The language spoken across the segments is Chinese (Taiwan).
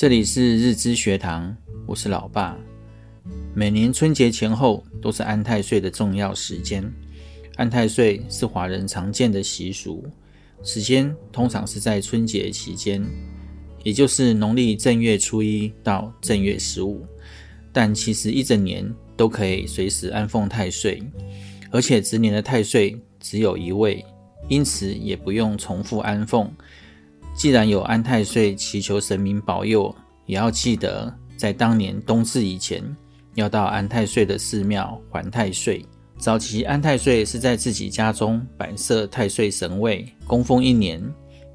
這裡是日之學堂，我是老爸。每年春節前後都是安太歲的重要時間。安太歲是華人常見的習俗，時間通常是在春節期間，也就是農曆正月初一到正月十五。但其實一整年都可以隨時安奉太歲，而且值年的太歲只有一位，因此也不用重複安奉。既然有安太歲祈求神明保佑，也要記得在當年冬至以前，要到安太歲的寺廟還太歲。早期安太歲是在自己家中擺設太歲神位，供奉一年。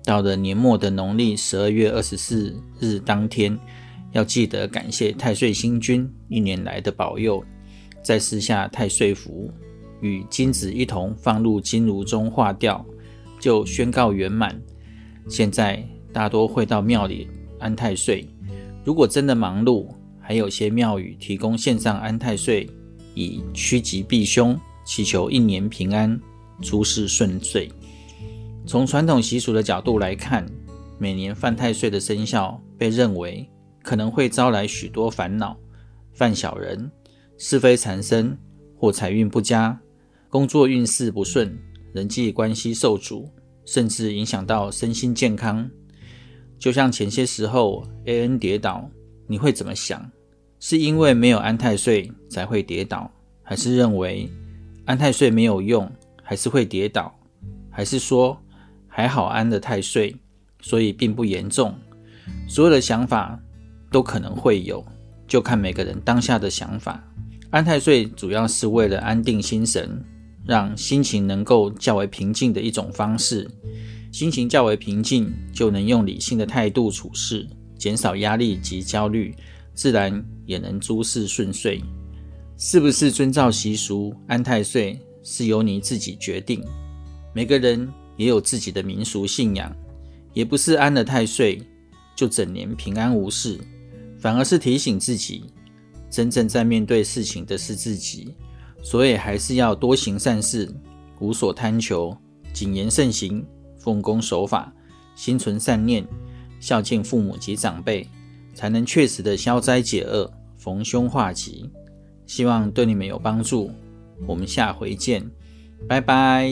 到了年末的農曆十二月二十四日當天，要記得感謝太歲星君一年來的保佑，再撕下太歲符，與金紙一同放入金爐中化掉，就宣告圓滿。現在大多會到廟裡安太歲。如果真的忙碌，還有些廟宇提供線上安太歲，以趨吉避凶，祈求一年平安、諸事順遂。從傳統習俗的角度來看，每年犯太歲的生肖被認為可能會招來許多煩惱，犯小人、是非纏身，或財運不佳、工作運勢不順、人際關係受阻。甚至影響到身心健康，就像前些時候 A N 跌倒，你會怎麼想？是因為沒有安太歲才會跌倒，還是認為安太歲沒有用，還是會跌倒，還是說還好安了太歲，所以並不嚴重？所有的想法都可能會有，就看每個人當下的想法。安太歲主要是為了安定心神。讓心情能夠較為平靜的一種方式，心情較為平靜，就能用理性的態度處事，減少壓力及焦慮，自然也能諸事順遂。是不是遵照習俗安太歲是由你自己決定，每個人也有自己的民俗信仰，也不是安了太歲就整年平安無事，反而是提醒自己，真正在面對事情的是自己。所以還是要多行善事，無所貪求，謹言慎行，奉公守法，心存善念，孝敬父母及長輩，才能確實的消災解厄，逢凶化吉。希望對你們有幫助，我們下回見，拜拜。